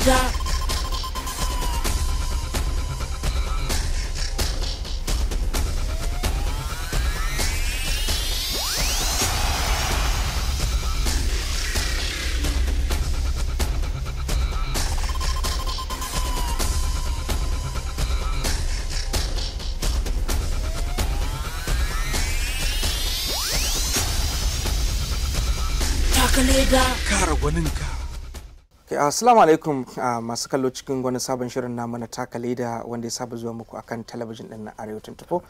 nigga. Uh, assalamu alaikum uh, masu kallo cikin wani sabon shirin na mana taka leda wanda ya saba zuwa muku akan talabijin din na arewa 24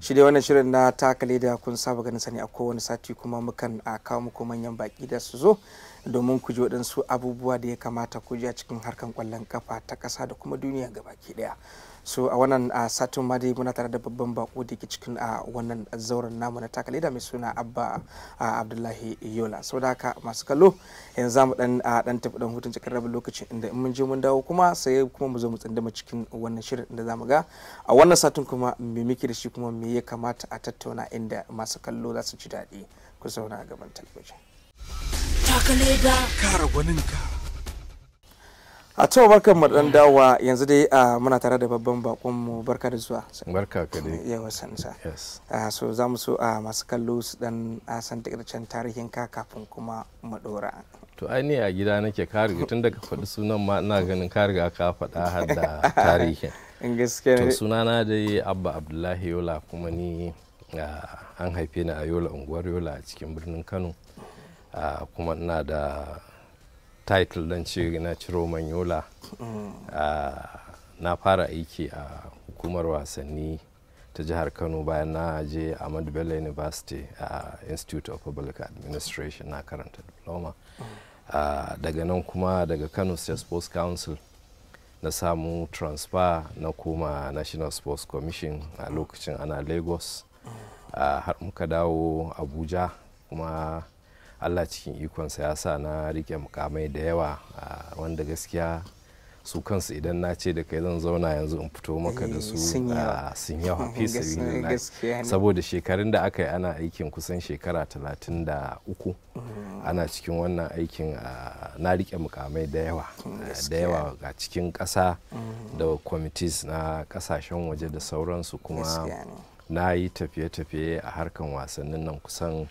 shi dai wannan shirin na taka leda kun saba ganin sani a kowane sati kuma mukan uh, kawo muku manyan baki da su zo domin ku ji waɗansu abubuwa da ya kamata ku ji a cikin harkan kwallon kafa ta kasa da kuma duniya gabaki ɗaya so a wannan a satin ma dai muna tare da babban bako da ke cikin a wannan zauren namu na takale da mai suna abba a abdullahi yola Sau da haka masu kallo yanzu za mu dan dan tafi dan hutun cikin rabin lokacin inda in mun je mun dawo kuma sai kuma mu zo mu tsindama cikin wannan shirin inda za mu ga a wannan satin kuma me muke da shi kuma me ya kamata a tattauna inda masu kallo za su ji daɗi ku zauna a gaban talabijin A cewa barkan mu dan dawa yanzu dai ah, muna tare da babban bakon mu barka da zuwa. Barka ka dai. Yawa sansa. Yes. Ah, so za mu so a ah, masu kallo su dan san takaitaccen tarihin ka kafin kuma mu dora. to ne a gida nake kariga tun daga faɗi sunan ma ina ganin kariga ka faɗa har da tarihin to sunana dai abba abdullahi yola kuma ni an haife ni a yola unguwar yola a cikin birnin kano Ah, kuma ina da title dan ci na ciro manyola mm. ah, na fara aiki a hukumar wasanni ta jihar kano bayan na je ahmadu bello university a institute of public administration na karanta diploma mm. ah, daga nan kuma daga kano state sports council na samu transfer na koma national sports commission a lokacin ana lagos mm. har muka dawo abuja kuma allah cikin ikonsa ya sa na rike mukamai da yawa wanda gaskiya su kansu idan na ce da kai zan zauna yanzu in fito maka da eh, su sun yawa fi saboda shekarun da aka yi ana aikin kusan shekara talatin da uku mm. ana cikin wannan aikin na rike mukamai da yawa da yawa ga cikin kasa mm. da committees na kasashen waje da sauransu kuma na yi tafiye-tafiye a harkan wasannin nan kusan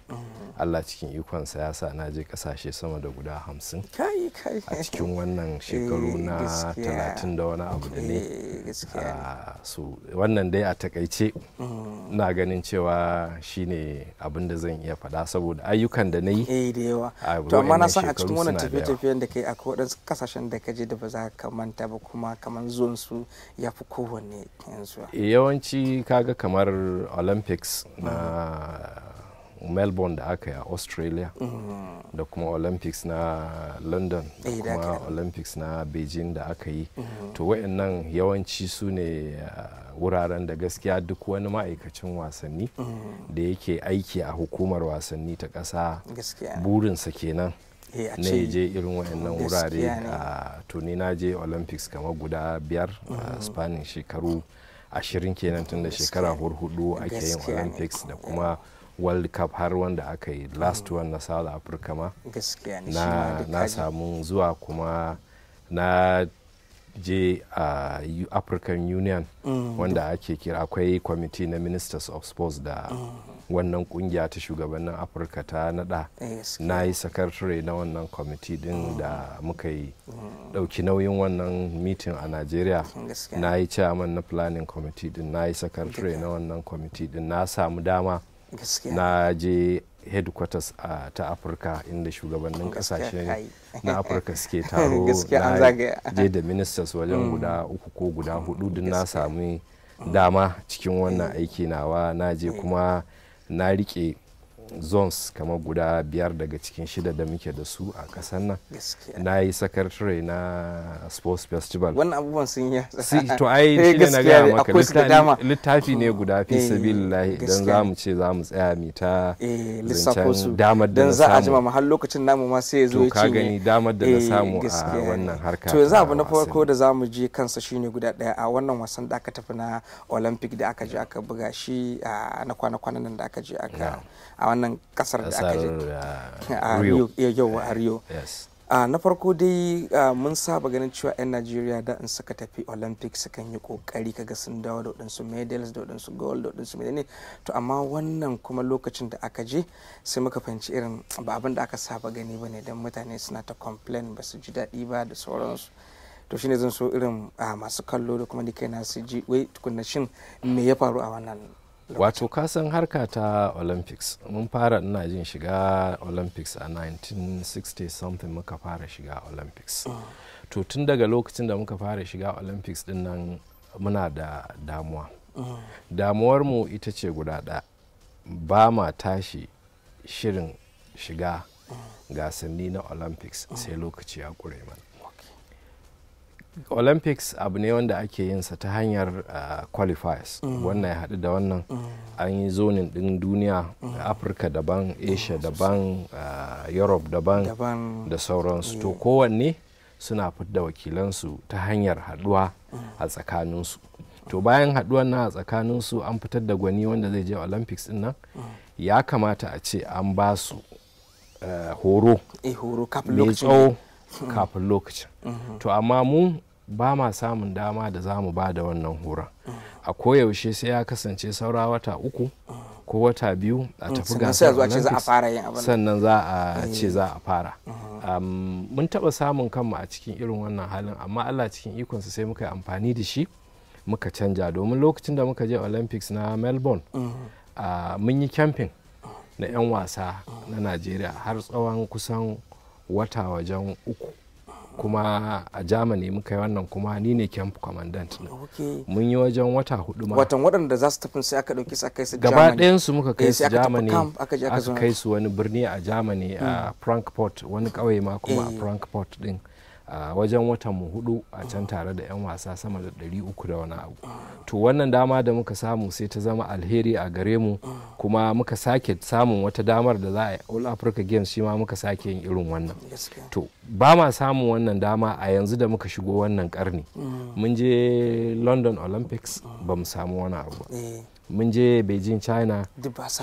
allah cikin ikonsa ya sa na je kasashe sama da guda hamsin a cikin wannan eh, shekaru na talatin da wani abu da ne eh, ah, wannan dai a takaice mm. na ganin cewa shine abin da zan iya faɗa saboda ayyukan da na yi eh da yawa to amma na san a cikin wannan tafiye-tafiyen da kai akwai waɗansu kasashen da ka je da ba za ka manta ba kuma kamar zuwan su ya fi kowanne yanzu yawanci kaga kamar olympics na melbourne da aka yi a australia mm. da kuma olympics na london da eh, kuma olympics na beijing da aka yi mm. to wayannan yawanci su ne uh, wuraren da gaskiya duk wani ma'aikacin wasanni mm. da yake aiki a hukumar wasanni ta ƙasa burinsa kenan eh, na ya je irin wayannan wurare a ah, tuni na je olympics kamar guda biyar a ah, spanish shekaru ashirin kenan tun da shekara hudu ake yin olympics da eh. kuma world cup har wanda aka yi last one na south africa ma na, samu zuwa kuma na je a african union mm. wanda ake kira akwai committee na ministers of sports da mm. wannan kungiya ta shugabannin afirka ta nada eh, na yi secretary na wannan committee din mm. da muka yi dauki nauyin wannan meeting a nigeria na yi chairman na planning committee din na yi secretary na wannan committee din na samu dama na je headquarters a ta afirka inda shugabannin kasashen na afirka suke taro na je da ministers wajen guda mm. uku ko guda hudu duk na sami dama cikin wannan mm. aiki nawa na je mm. kuma na rike zones kamar guda biyar daga cikin shida da muke da su a kasar nan na yi secretary na sports festival wannan abubuwan sun yi to ai eh, shi ne na gaya maka littafi ne guda fi eh, sabilillahi idan za mu ce za mu tsaya mu ta eh, zancen damar da na samu za a jima har lokacin namu ma sai ya zo ya ka gani damar da na samu a wannan harka to yanzu abu na farko da za mu je kansa shine guda daya a wannan wasan da aka tafi na olympic da aka je aka buga shi na kwana-kwanan da aka je aka wannan kasar da aka je a ah, rio yau a rio ah, na farko dai ah, mun saba ganin cewa 'yan najeriya da in suka tafi olympics sukan yi kokari kaga sun dawo da waɗansu medals da waɗansu gold da waɗansu menene to amma wannan kuma lokacin da aka je sai muka fahimci irin ba abin da aka saba gani ba ne don mutane suna ta complain ba su ji daɗi ba da sauransu to shine zan so irin masu kallo da kuma da na su ji wai tukunna shin me ya faru a wannan wato kasan harka ta olympics mun fara ina jin shiga olympics a 1960 something muka fara shiga olympics ah. to tun daga lokacin da muka fara shiga olympics din nan muna da damuwa ah. damuwar mu ita ce guda da ba ma tashi shirin shiga ah. gasanni na olympics sai lokaci ya kure mana olympics abu ne wanda ake yinsa ta hanyar uh, qualifiers mm. wannan ya haɗu da wannan mm. an yi zonin ɗin duniya mm. afirka daban asia daban uh, europe daban da sauransu to kowanne suna da wakilansu ta hanyar haɗuwa a tsakaninsu to bayan haɗuwan na a tsakaninsu an fitar da gwani wanda zai je olympics ɗin nan ya kamata a ce an ba su uh, horo eh, mai tsawo kafin lokacin to amma mu ba ma samun dama da za mu ba da wannan horon a koyaushe sai ya kasance saura wata uku ko wata biyu a tafi gasar sannan za a ce eh. za a fara uh-huh. mun taɓa samun kanmu a cikin irin wannan halin amma allah cikin ikonsa sai muka yi amfani da shi muka canja domin lokacin da muka je olympics na melbourne uh-huh. mun yi camping na 'yan wasa na najeriya har tsawon kusan wata wajen uku kuma a germany muka yi wannan kuma ni ne camp commandant na mun yi wajen wata hudu ma watan waɗanda za su tafi sai aka ɗauki su aka kai su gaba ɗayan su muka kai eh, su germany aka kai su wani birni a germany a hmm. frankfurt wani ƙauye ma kuma a eh. frankfurt din a wajen watan mu hudu a can tare da 'yan wasa sama da uku da wani abu to wannan dama da muka samu sai ta zama alheri a gare mu kuma muka sake samun wata damar da za a all africa games shi ma muka sake yin irin wannan to ba ma samun wannan dama a yanzu da muka shigo wannan karni mm. mun je london olympics ba mu samu wani abu ba eh. mun je beijing china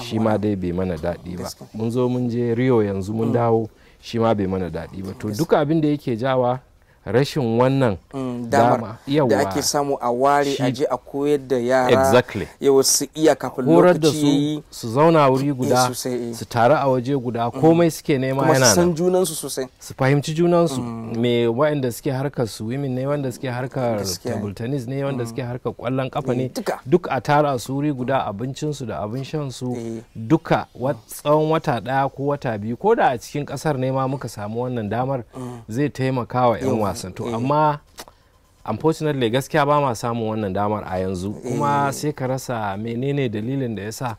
shi ma dai bai mana daɗi ba mun zo mun je rio yanzu mun dawo shi ma bai mana daɗi ba to duka abin da yake jawa rashin wannan mm, dama da ake samu a ware a je a koyar da yara yawa su iya kafin lokaci yi su zauna wuri eh, guda eh. su taru a waje guda mm. komai suke nema yana nan san junansu sosai su fahimci junansu mm. me wa'anda suke harkar women ne wanda suke harkar table tennis ne wanda suke harkar kwallon kafa ne eh, duk a tara su wuri guda abincinsu da abin shan su duka tsawon wata daya ko wata biyu ko da a cikin kasar ne ma muka samu wannan damar zai taimaka wa 'yan wasan to eh. amma unfortunately gaskiya ba ma samun wannan damar a yanzu kuma eh. sai ka rasa menene dalilin da ya sa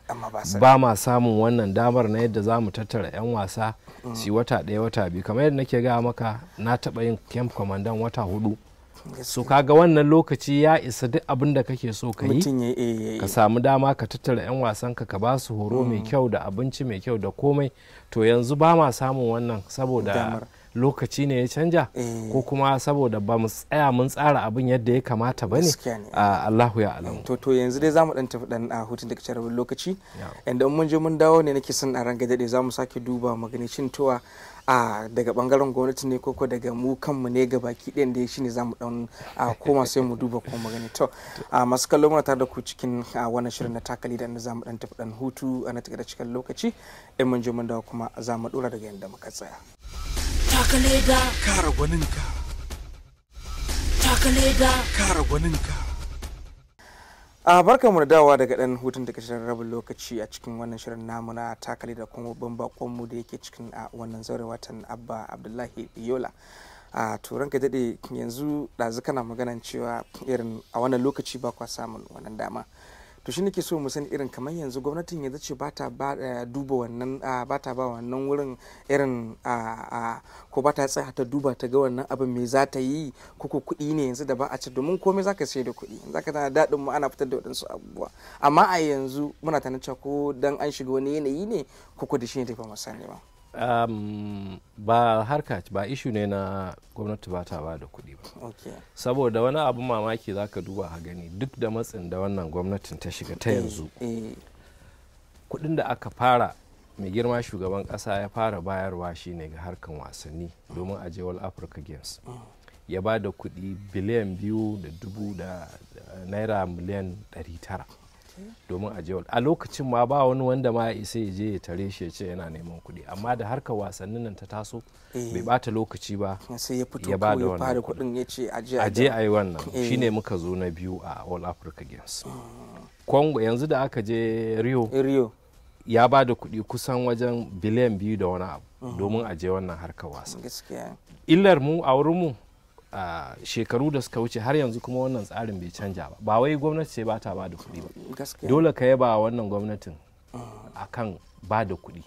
ba ma samun wannan damar na yadda za mu tattara 'yan wasa mm. shi wata ɗaya wata biyu kamar yadda nake gaya maka na taɓa yin camp kwamandan wata hudu so ga wannan lokaci ya isa duk abin da kake so ka yi ka samu dama ka tattara 'yan wasan ka ba su horo mai mm. kyau da abinci mai kyau da komai to yanzu ba ma samun wannan saboda lokaci ne ya canja eh. ko kuma saboda ba mu tsaya mun tsara abin yadda ya kamata ba ne ah, Allahu ya alamu to to yanzu dai zamu dan tafi dan ah, hutun da rabin lokaci inda mun je mun dawo ne nake son a ranga dade zamu sake duba magani cin tuwa a ah, daga bangaren gwamnati ne koko daga mu kanmu ne ga baki ɗin da shi ne za mu ɗan koma sai mu duba kuma magani to a masu kallo muna tare da ku cikin wannan shirin na takali da za mu ɗan tafi ɗan hutu a na cikin lokaci in mun je mun dawo kuma za mu ɗora daga yanda muka tsaya. takaleda kara gwaninka ka kara gwaninka a ah, barka mu da dawowa daga dan hutun da kashin rabin lokaci a cikin wannan shirin namuna na takale da kuma babban mu da yake cikin a ah, wannan zaure watan abba abdullahi yola a ah, turan ka daɗe yanzu dazu kana maganan cewa irin a wannan lokaci ba kwa samun wannan dama to shi nake so mu sani irin kamar yanzu gwamnatin yanzu ce ba ta eh, duba wannan ba ta ba wannan wurin irin ko ba ta tsaya ta duba ta ga wannan abin me za ta yi ko ko kuɗi ne yanzu da ba a ci domin komai za ka sai da kuɗi ka tana daɗin mu ana fitar da waɗansu abubuwa amma a yanzu muna tana ko dan an shiga wani yanayi ne ko da shi ne ta fama mu sani ba um, ba harka ba ishu ne na gwamnati ba ta ba da kuɗi ba saboda wani abu mamaki za ka duba a gani duk da matsin da wannan gwamnatin ta shiga ta eh, yanzu eh. kuɗin da aka fara mai girma shugaban ƙasa ya fara bayarwa shi ne ga harkan wasanni domin a je afirka games mm. ya ba da kuɗi biliyan biyu da dubu da naira miliyan ɗari tara domin a je a lokacin ma ba wani wanda ma ya isa ya je ya tare shi ya ce yana neman kuɗi amma da harkar wasannin nan ta taso bai bata eh. lokaci ba ya ba wannan kuɗin ya ce a je a yi wannan eh. shine muka zo na biyu a All Africa Games Congo mm. yanzu da aka je eh, Rio ya ba da kuɗi kusan wajen biliyan biyu da wani abu mm. domin a wannan harkar wasa illar mu a wurin mu shekaru da suka wuce har yanzu kuma wannan tsarin bai canja ba ba wai gwamnati ce ba ta ba da kuɗi ba dole ka yaba wannan gwamnatin akan ba da kuɗi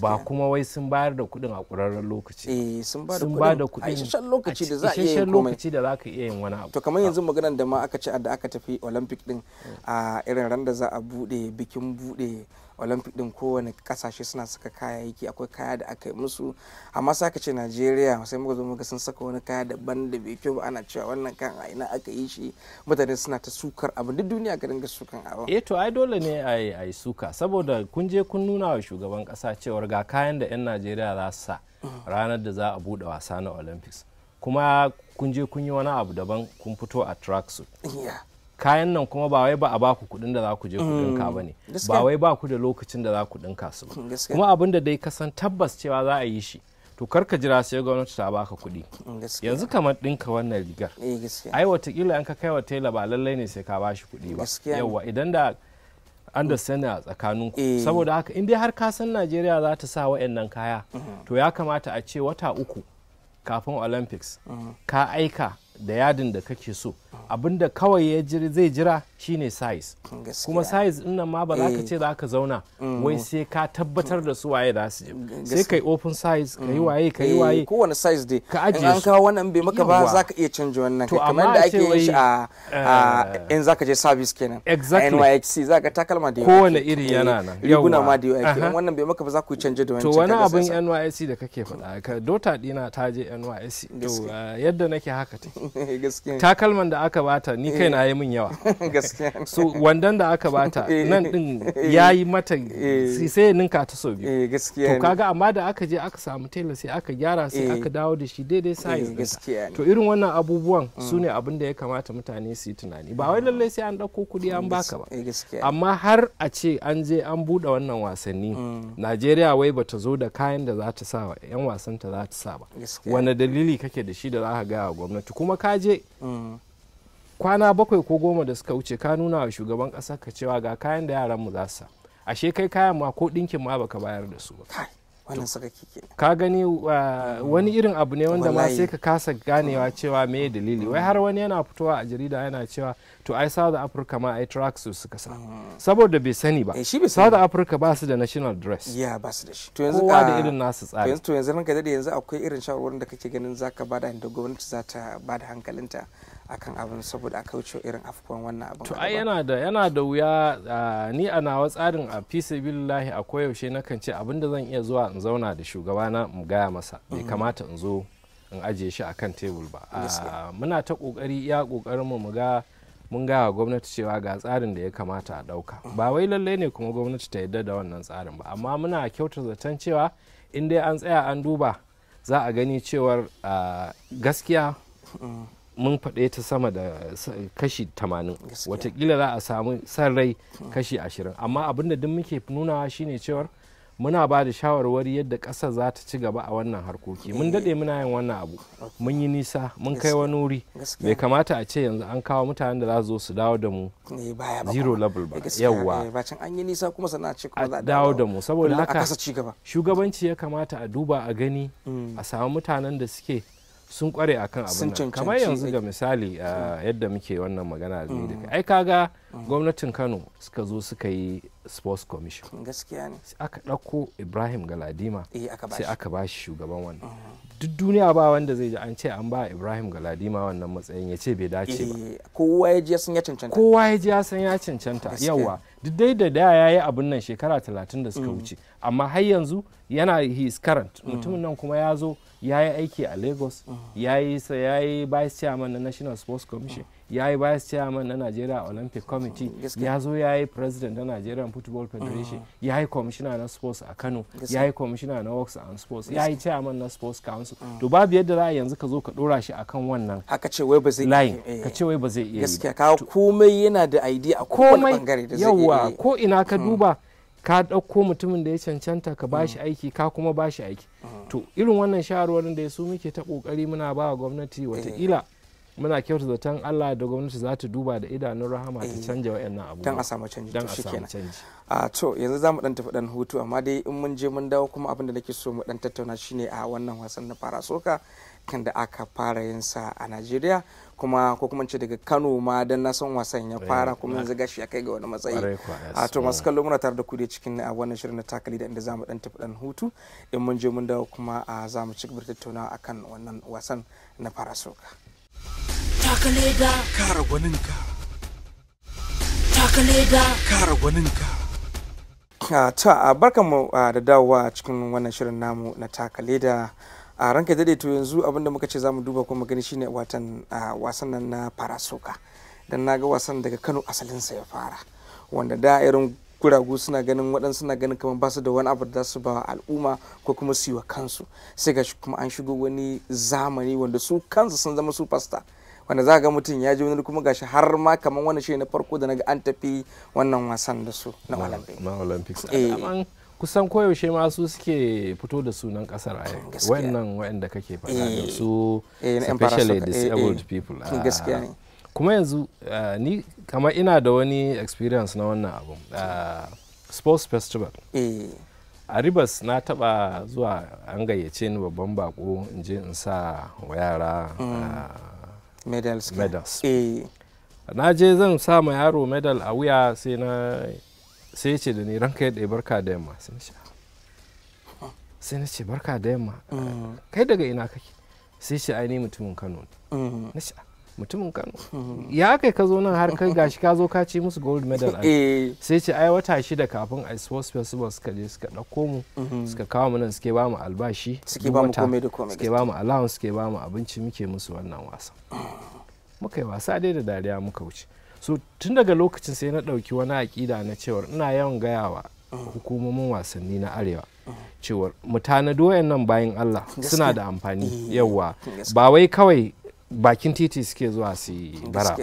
ba kuma wai sun bayar da kuɗin a ƙurarren lokaci eh, sun ba da kuɗin a isasshen lokaci da za a iya yin lokaci da za ka iya yin wani abu to kamar yanzu maganar da ma aka ci da aka tafi olympic din a irin ran da za a buɗe bikin buɗe olympic din kowane kasashe suna saka kayayyaki akwai kaya da aka yi musu amma saka ce nigeria sai muka zo muka sun saka wani kaya daban da bai kyau ba ana cewa wannan kan a ina aka yi shi mutane suna ta sukar abin duk duniya ga dinga sukan abin eh to ai dole ne a yi suka saboda kun je kun nuna wa shugaban kasa cewar ga kayan da yan nigeria za su sa ranar da za a bude wasa na olympics kuma kun je kun yi wani abu daban kun fito a tracksuit yeah. kayan nan kuma ba wai ba a baku kuɗin da za ku je ku dinka mm, ba ne ba wai ba ku da lokacin da za ku dinka su ba kuma abin da dai ka san tabbas cewa za a yi shi to kar ka jira sai gwamnati ta baka kuɗi mm, yanzu kamar ɗinka wannan rigar eh, ai watakila in ka kai wa tela ba lallai ne sai ka bashi kuɗi ba yawa idan da understand a tsakanin ku eh. saboda haka in dai har ka san Najeriya za ta sa wayannan kaya mm-hmm. to ya kamata a ce wata uku kafin Olympics mm-hmm. ka aika da yadin da kake so abinda kawai ya zai jira shine size kuma size din nan ma ba za ka eh. ce za ka zauna mm. wai sai ka tabbatar da su waye za su je sai kai open size ka yi mm. waye ka yi waye eh, kowane size dai ka ajiye an kawo wannan bai maka ba za ka iya canja wannan kamar da ake yin shi a eh. in za ka je service kenan exactly NYXC za ka takalma da kowane iri yana nan riguna ma da yawa wannan bai maka ba za ku canja da wancan to wani abin NYSC da kake faɗa dota dina ta je NYSC to yadda nake haka take takalman da aka bata ni kai na eh. yi min yawa so wandan da aka bata eh. nan din eh. ya yi mata sai ya ninka ta sau biyu to kaga amma da aka je aka samu tailor sai aka gyara sai aka dawo da shi daidai size to irin wannan abubuwan mm. su ne abin da ya kamata mutane su yi tunani ba wai lallai sai an dauko kuɗi an baka ba amma har a ce an je an buɗe wannan wasanni mm. najeriya wai bata zo da kayan da za ta sa wa 'yan wasan ta za ta sa ba wani dalili kake da shi da za ka gaya gwamnati kuma ka je mm. kwana bakwai ko goma da suka wuce ka nuna wa shugaban ƙasa ka cewa ga kayan da yaran mu za su ashe kai kayan ma ko ɗinkin ma baka bayar da su ba wannan suka kike ka gani wani irin abu ne wanda ma sai ka kasa ganewa cewa me dalili wai har wani yana fitowa a jarida yana cewa to ai south africa ma ai su suka sa mm. saboda bai sani ba eh, south africa ba su da national dress ya ba su da shi to yanzu da irin nasu tsari to yanzu ranka da yanzu akwai irin shawarwarin da kake ganin zaka bada da gwamnati za ta bada hankalinta akan abin saboda a kauce irin afkuwan wannan abin to ai yana da yana da wuya ni a nawa tsarin a fisa billahi a koyaushe nakan ce abinda zan iya zuwa in zauna da shugabana mu gaya masa bai mhm. kamata in zo in ajiye shi a kan tebul ba muna ta kokari iya kokarin mu ga mun gaya gwamnati cewa ga tsarin da ya kamata a ɗauka mhm. ba wai lallai ne kuma gwamnati ta yadda da wannan tsarin ba amma muna kyautar zaton cewa in dai an tsaya an duba za a gani cewar gaskiya mhm. mun faɗe ta sama da kashi 80 watakila za a samu san rai kashi 20 amma abin da duk muke nunawa shine cewar muna ba da shawarwari yadda ƙasa za ta ci gaba a wannan harkoki mun eh. daɗe muna yin wannan abu mun yi nisa mun kai wani wuri bai kamata a ce yanzu an kawo mutanen da za su zo su dawo da mu eh, zero level ba eh, yawwa an yi nisa kuma a kuma za a dawo da mu saboda haka shugabanci ya kamata a duba a gani mm. a samu mutanen da suke sun kware a kan abin kamar yanzu ga misali ah, mm. yadda muke wannan magana da daga mm. ai kaga mm. gwamnatin kano suka zo suka yi sports commission gaskiya ne aka ɗauko ibrahim galadima eh, sai aka ba shi shugaban wannan mm-hmm. duk duniya ba wanda zai ji an ce an ba ibrahim galadima wannan matsayin ya ce bai dace ba eh, kowa ya ji ya san ya cancanta kowa ya duk dai da da ya yi abin nan shekara talatin da suka mm. wuce amma har yanzu yana his current mm. mutumin nan kuma ya zo ya yi aiki a lagos mm. ya yi vice chairman na national sports commission ya yi vice chairman na nigeria olympic committee ya zo ya yi president na nigerian football federation mm. ya yi commissioner na sports a kano ya yi commissioner na works and sports ya yi chairman na sports council mm. to babu yadda za a yanzu ka zo ka dora shi akan wannan line ka ce wai ba zai iya yi ba komai yana da idea a kowane bangare da zai iya ko ina ka mm. duba ka ɗauko mutumin da ya cancanta ka bashi aiki ka kuma bashi aiki to irin wannan shawarwarin da ya su muke ta kokari muna ba wa gwamnati watakila eh. muna kyauta tan Allah da gwamnati za ta duba da idanun rahama ta eh, canja wa'annan abubuwa don a samu canji don a samu canji a to yanzu za mu dan tafi dan hutu amma dai in mun je mun dawo kuma abin da nake so mu dan tattauna shine a wannan wasan na fara soka kan da aka fara yin sa a Najeriya kuma ko kuma ce daga Kano ma dan na son wasan ya fara kuma yanzu gashi ya kai ga wani matsayi a to masu kallo muna tare da ku cikin a wannan shirin na takali da inda mu dan tafi dan hutu in mun je mun dawo kuma za mu ci gaba tattaunawa akan wannan wasan na fara soka Takale kara gwaninka. kara gwaninka. ta barkanmu da dawowa a cikin wannan shirin namu na takale a ranka daɗe to yanzu abinda muka ce za mu duba kuma gani shine watan wasan nan na soka. don na ga wasan daga kano asalinsa ya fara wanda da irin kuragu suna ganin waɗansu suna ganin kamar ba su da wani abu da su ba al'umma ko kuma su yi wa kansu sai ga kuma an shigo wani zamani wanda su kansu sun zama su fasta wanda za ga mutum ya ji wani kuma gashi har ma kamar wani shi na farko da naga an tafi wannan wasan da su na olympics na olympics eh. kusan koyaushe ma su suke fito da sunan kasar a yau wayannan wayanda kake faɗa da eh. su eh, especially disabled people ah. gaskiya ne kuma yanzu uh, ni kama ina da wani experience na wannan abu uh, eh, sports festival eh. a ribas na taba zuwa an gayyace ni babban bako in je in sa wa yara mm. medals, medals. na je zan sa ma yaro medal a wuya sai na sai ce da ni ranka ya barka da yamma sai na ce ah. sai na ce barka da yamma mm. kai daga ina kake sai ce ai ni mutumin kano ne mm. na ce ah. mutumin kano ya kai ka zo nan har kai gashi ka zo ka ci musu gold medal eh. sai ce ai wata shida kafin a sports festival suka je suka ɗauko mu mhm. suka kawo mu nan suke ba mu albashi suke ba mu komai da komai suke ba mu allowance suke ba mu abinci muke musu wannan wasa muka yi wasa dai da dariya muka wuce so tun daga lokacin sai na ɗauki wani aƙida na cewar ina yawan gaya wa. hukumomin wasanni na arewa cewar mu tanadi wayannan bayan Allah suna da amfani eh, yawa ba wai kawai bakin titi suke zuwa su bara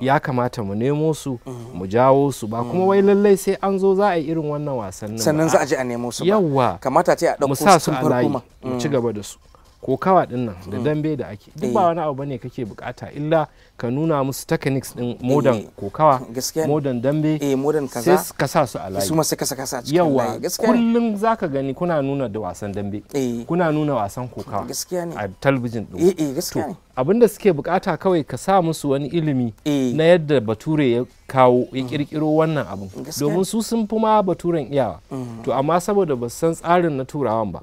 ya kamata mu nemo su mhm. mu jawo su ba kuma wai mm. lallai sai an zo za a yi irin wannan wasannin sannan za a je a nemo su ba yawa kamata ce a ɗauko su farko mu ci mm. gaba da su ko kawa din da mm. dambe da ake duk ba eh. wani abu bane kake bukata illa ka nuna musu techniques din modern eh, kokawa modern dambe eh, sai ka sa su a layi suma sai ka saka su a cikin yawa kullum zaka gani kuna nuna da wasan dambe kuna nuna wasan kokawa a talbijin din ne abinda suke bukata kawai ka sa musu wani ilimi na yadda bature ya kawo ya mm. kirkiro wannan abin domin su sun fi ma baturen iyawa mm. to amma saboda ba san tsarin na turawan ba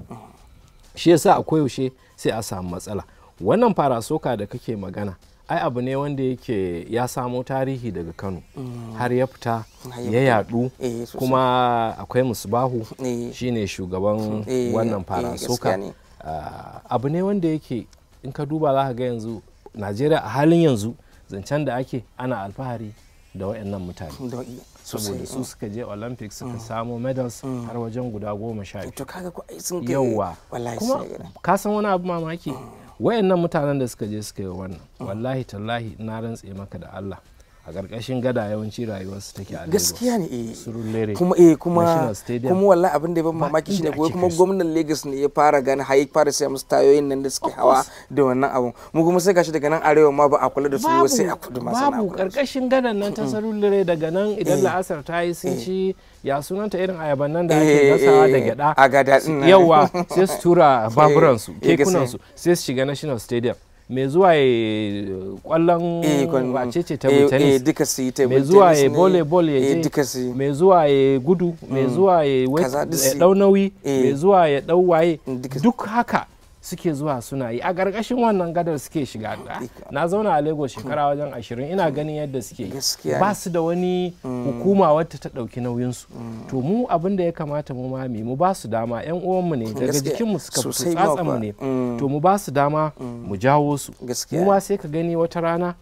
shi yasa a koyaushe sai a samu matsala wannan farasoka da kake magana ai abu ne wanda yake ya samo tarihi daga kano mm. har ya fita ya yadu eh, kuma akwai musbahu eh. shine shugaban eh, wannan farasoka soka ah, abu ne wanda yake in ka duba za ga yanzu najeriya a halin yanzu zancen da ake ana alfahari da waɗannan mutane saboda su mm. suka je olympics suka mm. samo medals mm. har wajen guda goma sha biyu eh, yauwa kuma ka san wani abu mamaki wayannan mutanen da suka je suka yi wannan wallahi tallahi na rantse maka da allah a ƙarƙashin gada yawanci rayuwar su take a Lagos gaskiya ne eh kuma eh kuma kuma wallahi abin da ban mamaki shine ko kuma gwamnan Lagos ne ya fara gani hayi fara sai musu tayoyin nan da suke hawa da wannan abun mu kuma sai gashi daga nan arewa ma ba a kula da su sai a kudu ma babu ƙarƙashin gadan nan ta sarulure daga nan idan eh. la'asar ta yi sun eh. ci ya sunanta irin ayaban nan da ake eh, gasawa da gyada a gada yawa sai su tura baburansu su sai su shiga National Stadium Eh, eh, eh, mai zuwa ya kwallon wace ce table tennis tennis mai zuwa ya volleyball ya je mai zuwa ya gudu mai zuwa ya dau nauyi mai zuwa ya dau waye duk haka suke zuwa suna yi a ƙarƙashin wannan gadar suke shiga na zauna a lagos shekara wajen ashirin ina ganin yadda suke yi ba su da wani mm. hukuma wadda ta ɗauki nauyinsu mm. to mu abin da ya kamata mu mami mu ba su dama yan uwanmu ne daga jikinmu suka tsatsa mu ne mm. to mu ba su dama mu jawo su mu ma sai ka gani wata rana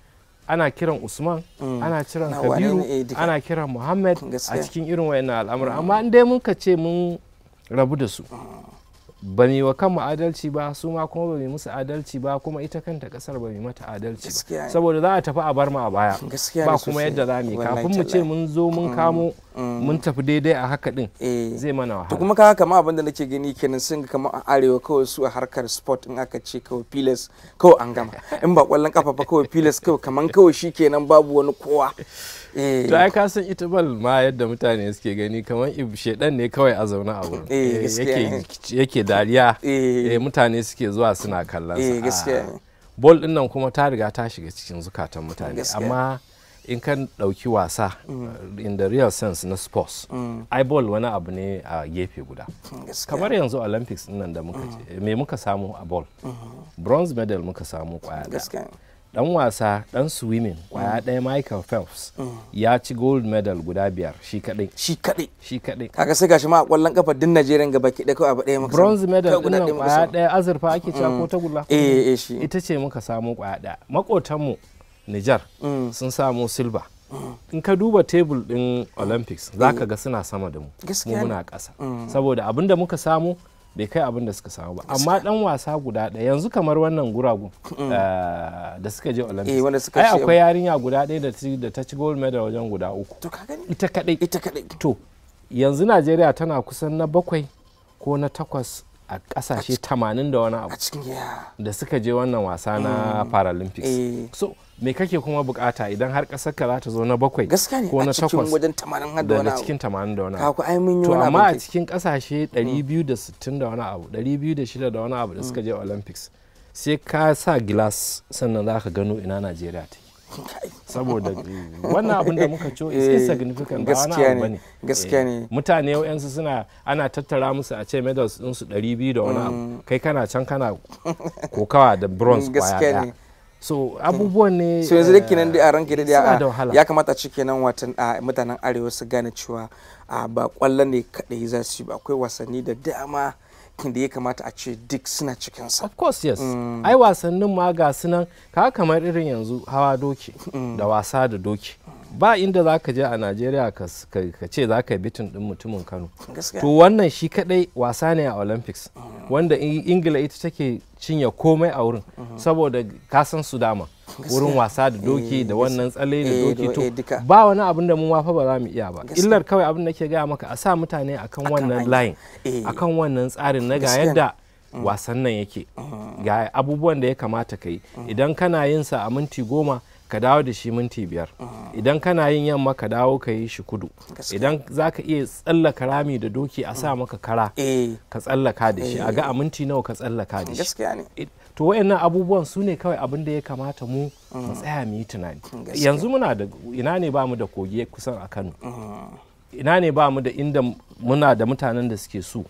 ana kiran usman ana kiran kabiru eh, ana kiran muhammad a cikin irin wayannan al'amura amma in dai mun ka ce mun rabu da su ba mu wa kanmu adalci ba su ma kuma ba mu musu adalci ba kuma ita kanta kasar ba mu mata adalci ba saboda za a tafi a bar mu a baya ba kuma yadda za mu kafin mu ce mun zo mun mm, kamo mm. mun tafi daidai a haka din eh. zai mana wahala to kuma kaga kamar abin da nake gani kenan sun kama a arewa kawai su a harkar sport in aka ce kawai pilas kawai an gama in ba kwallon kafa ba kawai pilas kawai kaman kawai shikenan babu wani kowa Eh. to ai ka ita bal ma yadda mutane suke gani kamar shedan ne kawai a zaune a eh, wurin yake dariya eh. mutane suke zuwa suna kallon ah. bol din nan kuma ta riga ta shiga cikin zukatan mutane amma in kan ɗauki wasa mm. in the real sense na sports eyeball mm. wani abu ne a gefe guda mm, kamar yanzu olympics nan da muka me muka samu a ball mm-hmm. bronze medal muka samu kwaya dan wasa dan swimming kwaya mm. ɗaya michael phelps mm. ya ci gold medal guda biyar shi kadai shi kadai shi kadai kaga sai gashi ma a kwallon kafa din najeriya gaba baki da kawai abu ɗaya maka bronze medal din nan kwaya ɗaya azurfa ake cewa mm. ko ta gulla eh eh shi ita ce muka samu kwaya ɗaya makotan mu niger sun samu silver in ka duba tebul din olympics zaka eh. ga suna sama da mu mu muna ƙasa saboda abinda muka samu bai kai abin da suka samu ba amma dan wasa guda ɗaya yanzu kamar wannan guragu mm. eh, da suka je olympics eh, ai akwai yarinya guda ɗaya da ta ci gold medal wajen guda uku To Ita kadai. ita kadai to yanzu najeriya tana kusan na bakwai ko na takwas a kasashe 80 da wani abu da suka je wannan wasa na mm. paralympics eh. so me kake kuma bukata idan har kasar ka za ta zo na bakwai ko na takwas da cikin 80 mm. da wani abu to amma a cikin kasashe 260 da wani abu 206 da wani abu da mm. suka je olympics sai ka sa gilas sannan za ka gano ina najeriya take saboda wannan abin da muka co is eh, insignificant ba wani abu bane gaskiya eh, ne mutane yansu suna ana tattara musu a ce medals din su 200 da wani abu mm. kai kana can kana kokawa da bronze mm, kwaya daya so abubuwan ne so yanzu eh, da kenan a ranke da ya kamata cike nan watan mutanen arewa su gane cewa ba kwallon ne kadai za su yi ba akwai wasanni da dama da ya kamata a ce duk suna cikinsa of course yes mm. ai wasannin ma ga sunan ka kamar irin yanzu hawa doki mm. da wasa da doki ba inda za ka je a najeriya ka ce za ka yi bitin din mutumin kano to wannan shi kadai wasa ne a olympics mm. wanda ingila ita take cinye komai a wurin mm-hmm. saboda kasan su dama wurin wasa da doki eh, da wannan tsale da eh, doki to eh, ba wani abin da mun wafa ba za mu iya ba illar kawai abin da ke gaya maka a sa mutane akan wannan layin akan wannan tsarin na ga yadda mm. wasan nan yake mm. ga abubuwan da ya kamata ka mm. idan kana yin sa a minti goma ka dawo da shi minti biyar idan kana yin yamma ka dawo ka yi shi kudu idan za ka iya tsallaka rami da doki a sa maka kara ka tsallaka da shi a ga a minti nawa ka tsallaka da shi to wayannan abubuwan su ne kawai abin da ya kamata mu mu mm. tsaya mu yi tunani yanzu muna da ina ne ba mu da kogi kusan a Kano mm. ina ne ba mu da inda muna da mutanen da suke su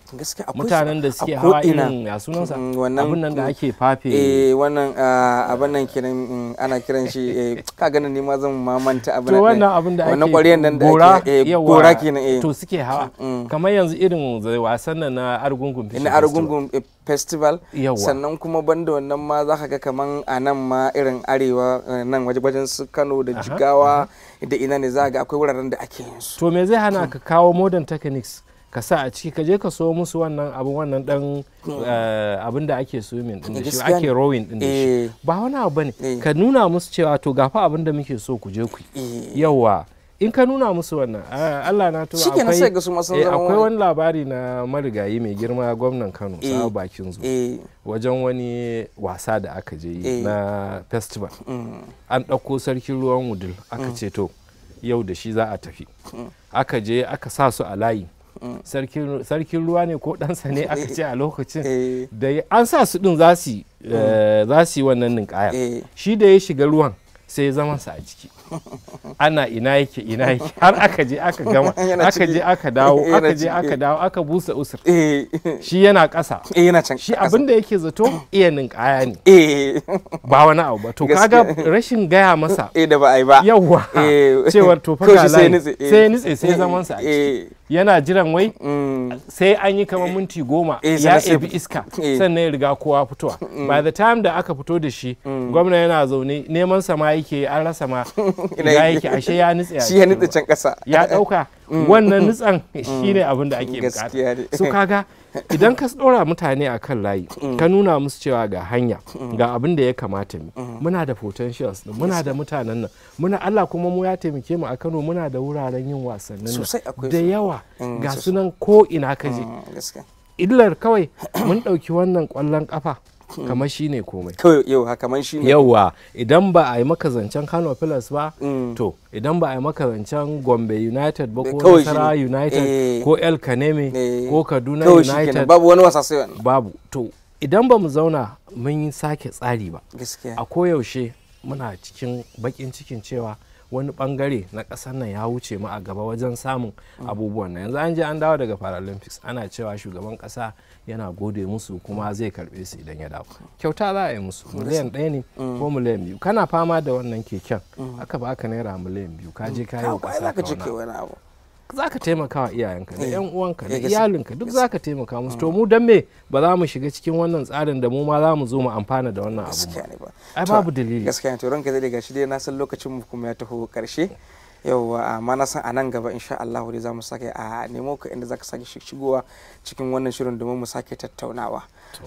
mutanen da suke hawa irin ya sunansa mm, abin nan da mm, ake fafe eh wannan ah, abin nan kiran mm, ana kiran shi eh, ka ganin ne ma zan mamanta abin nan wannan abin da ake wannan ƙwaryen nan da ake eh, gora kenan eh to suke hawa kamar yanzu irin wasan nan na argungun na argungun eh, festival sannan kuma banda wannan ma zaka ga kaman a nan ma irin arewa nan wajen su kano da jigawa da ina ne za ga akwai wuraren da ake yin su to me zai hana ka kawo modern techniques ka sa a ciki ka je ka so musu wannan abu wannan dan hmm. eh, abin da ake swimming din shi ake rowing din shi eh. ba wani abu bane eh. ka nuna musu cewa to gafa abin da muke so ku je ku yawa in ka nuna musu wannan Allah na to akwai akwai wani labari na marigayi mai girma gwamnan Kano sa bakin zu wajen wani wasa da aka je na festival hmm. an ɗauko sarkin ruwan wudul aka hmm. ce to yau da shi za a tafi aka je aka sa su a layi sarkin ruwa ne ko ɗansa ne aka ce a lokacin eh. da an sa su ɗin za su eh, mm. yi wannan ninkaya eh. shi da ya shiga ruwan sai ya zama sa a ciki ana ina yake ina yake har aka je aka gama aka je aka dawo aka je aka dawo aka busa usur shi yana ƙasa shi abin da yake zato iya ninkaya ne ba wani abu ba to kaga rashin gaya masa da ba ba cewar to fa sai nitse sai zaman sa a ciki yana jiran wai mm. sai an yi kamar minti goma eh, ya ebi iska eh. sannan ya riga kowa fitowa mm. by the time da aka fito da shi mm. gwamna yana zaune neman sama yake an rasa ma ya yake ashe ya nutse shi ya nutse can kasa ya dauka wannan nitsan shine abin da ake bukata su kaga idan ka ɗora mutane a kan layi ka nuna musu cewa ga hanya ga abin da ya kamata mu muna da potentials muna da mutanen nan muna Allah kuma mu ya taimake mu a Kano muna da wuraren yin wasannin nan da yawa mm, ga sunan ko ina ka je mm, illar kawai mun ɗauki wannan kwallon ƙafa Hmm. kamar shi ne komai yauwa kamar shi ne yauwa idan ba a yi maka zancen kano pilas ba hmm. to idan ba a yi maka zancen gombe united ba ko nasara united eh. ko el kaneme eh. ko kaduna united babu wani wasa sai babu to idan ba mu zauna mun yi sake tsari ba a koyaushe muna cikin bakin cikin cewa wani bangare na ƙasar nan ya wuce mu a gaba wajen samun abubuwan nan yanzu an je an dawo daga paralympics ana cewa shugaban ƙasa yana gode musu kuma zai karbe su idan ya dawo kyauta za a yi musu miliyan ɗaya ne ko miliyan biyu kana fama da wannan keken mm. aka baka naira miliyan biyu ka je ka yi wa abu za ka taimaka wa iyayenka da eh. yan uwanka da eh, iyalinka duk za ka taimaka musu to ah. mu dan me ba za mu shiga cikin wannan tsarin da mu ma za mu zo mu amfana da wannan abu ai babu dalili gaskiya to ranka zai gashi dai na san lokacin mu kuma ya taho karshe yauwa amma na san a nan gaba insha Allah dai za mu sake a nemo ka inda za ka sake shigowa cikin wannan shirin domin mu sake tattaunawa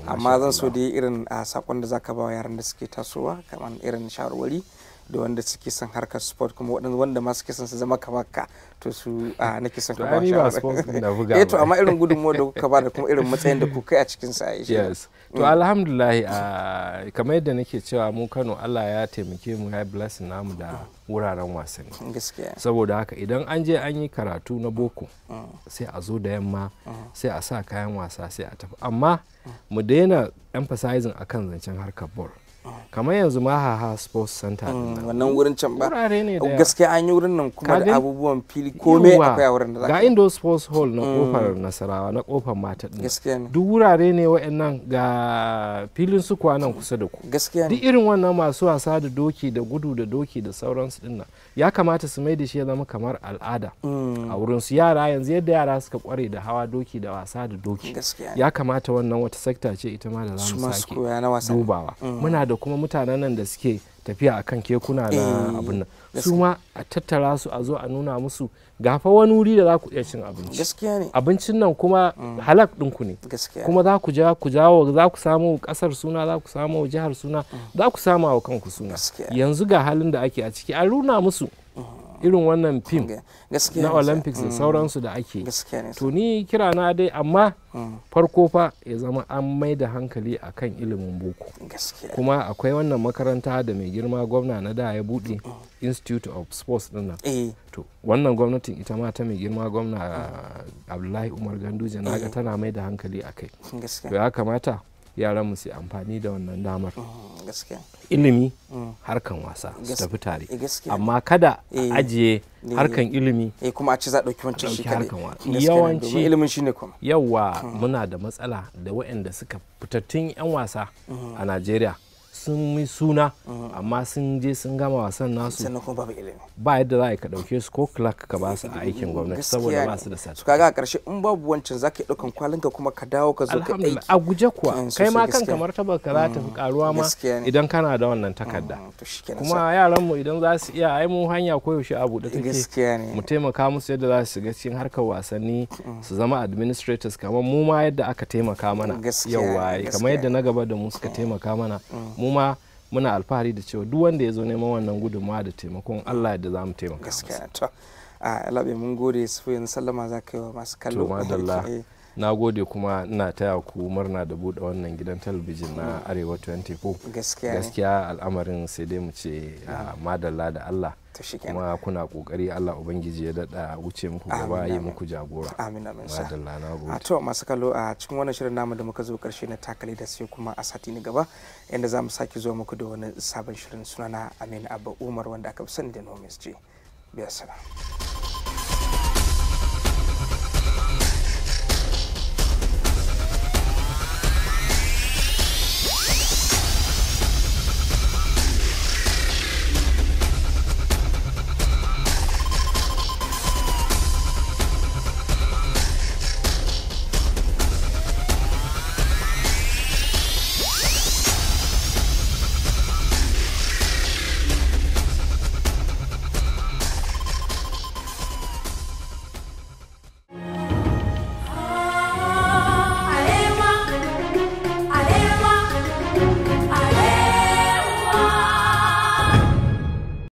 amma zan so dai irin sakon da za ka ba wa yaran da suke tasowa kamar irin shawarwari da wanda suke son harkar sport kuma waɗanda wanda ma suke son su zama kamar ka to su a nake son ka ba shi eh to amma irin gudunmuwa da kuka ba da kuma irin matsayin da kuka a cikin sa yes to mm. alhamdulillah kamar yadda nake cewa mu Kano Allah ya taimake mu ya blessing namu da wuraren wasanni gaskiya saboda haka idan an je an yi karatu na boko mm. sai a zo da yamma mm. sai a sa kayan wasa sai a tafi amma mu daina emphasizing akan zancen harkar ball kamar yanzu ma haha sports center mm, wannan wurin can ba gaskiya an yi wurin nan kuma da abubuwan fili kome akwai a wurin da ga indo sports hall na kofar mm. nasarawa na kofar mata din duk wurare ne wayannan ga filin su kuwa nan kusa da ku gaskiya duk irin wannan masu wasa da doki da gudu da doki da sauransu din nan ya kamata su mai da shi ya zama kamar al'ada mm. a wurin su yara yanzu yadda yara suka kware da hawa doki da wasa da doki ya kamata wannan wata sekta ce ita ma da za mu sake dubawa muna da da kuma mutanen nan da suke tafiya akan kekuna na eh, abin nan su ma a tattara su a zo a nuna musu gafa wani wuri da za ku iya cin abinci abincin nan kuma mm. halak ɗinku ne kuma za ku ja ku jawo za ku samu kasar suna za ku samu jihar suna mm. za ku samu wa kanku suna yanzu ga halin da ake a ciki a nuna musu irin wannan fim na olympics da mm. sauransu da ake to ni kira na dai amma mm. farko fa ya zama an mai da hankali a kan ilimin boko kuma akwai wannan makaranta da mai girma gwamna na da ya buɗe mm. institute of sports dinnan eh. to wannan gwamnatin ita ma ta mai girma gwamna abdullahi umar ganduje na ga eh. tana mai da hankali a kai to ya kamata yaran mu su amfani da wannan damar mm, ilimi mm. harkan wasa su tafi tare eh, amma kada a eh. ajiye eh. harkan ilimi kuma a ci za ɗauki wancan shi kadai yawanci ilimin shine kuma yawa mm. muna da matsala da waɗanda suka fitattun yan wasa a Najeriya sun yi suna amma sun je sun gama wasan nasu sannan kuma babu ilimi ba yadda za ka dauke su ko clerk ka ba su a aikin gwamnati saboda ba su da sati kaga a karshe in babu wancan zaka ɗaukan kwalin ka kuma ka dawo ka zo ka aiki a guje kuwa kai ma kan kamar martabar ka za ta fi karuwa mm, ma idan kana da wannan takarda mm, kuma yaran mu idan za su iya ai mu hanya yaushe a buɗe take mu taimaka musu yadda za su shiga cikin harkar wasanni mm. su zama administrators kamar mu ma yadda aka taimaka mana yauwa kamar yadda na gaba da mu suka taimaka mana mu ma muna alfahari da cewa duk wanda ya zo neman wannan gudunmawa da taimakon allah da za mu taimaka masa a labe mun gode su yanzu sallama za ka yi wa masu kallo eh. na gode kuma ina taya ku murna da buɗe wannan gidan talabijin na arewa 24 gaskiya al'amarin sai dai mu ce madalla da allah kuma kuna kokari Allah ubangiji ya dada wuce muku gaba yi muku jagora amin amin sa a to masu kallo a cikin wannan shirin namu da muka zo karshe na takali da sai kuma a sati na gaba inda zamu saki zo muku da wani sabon shirin sunana Amin Abba Umar wanda aka fi sani da Nomis je biya salama.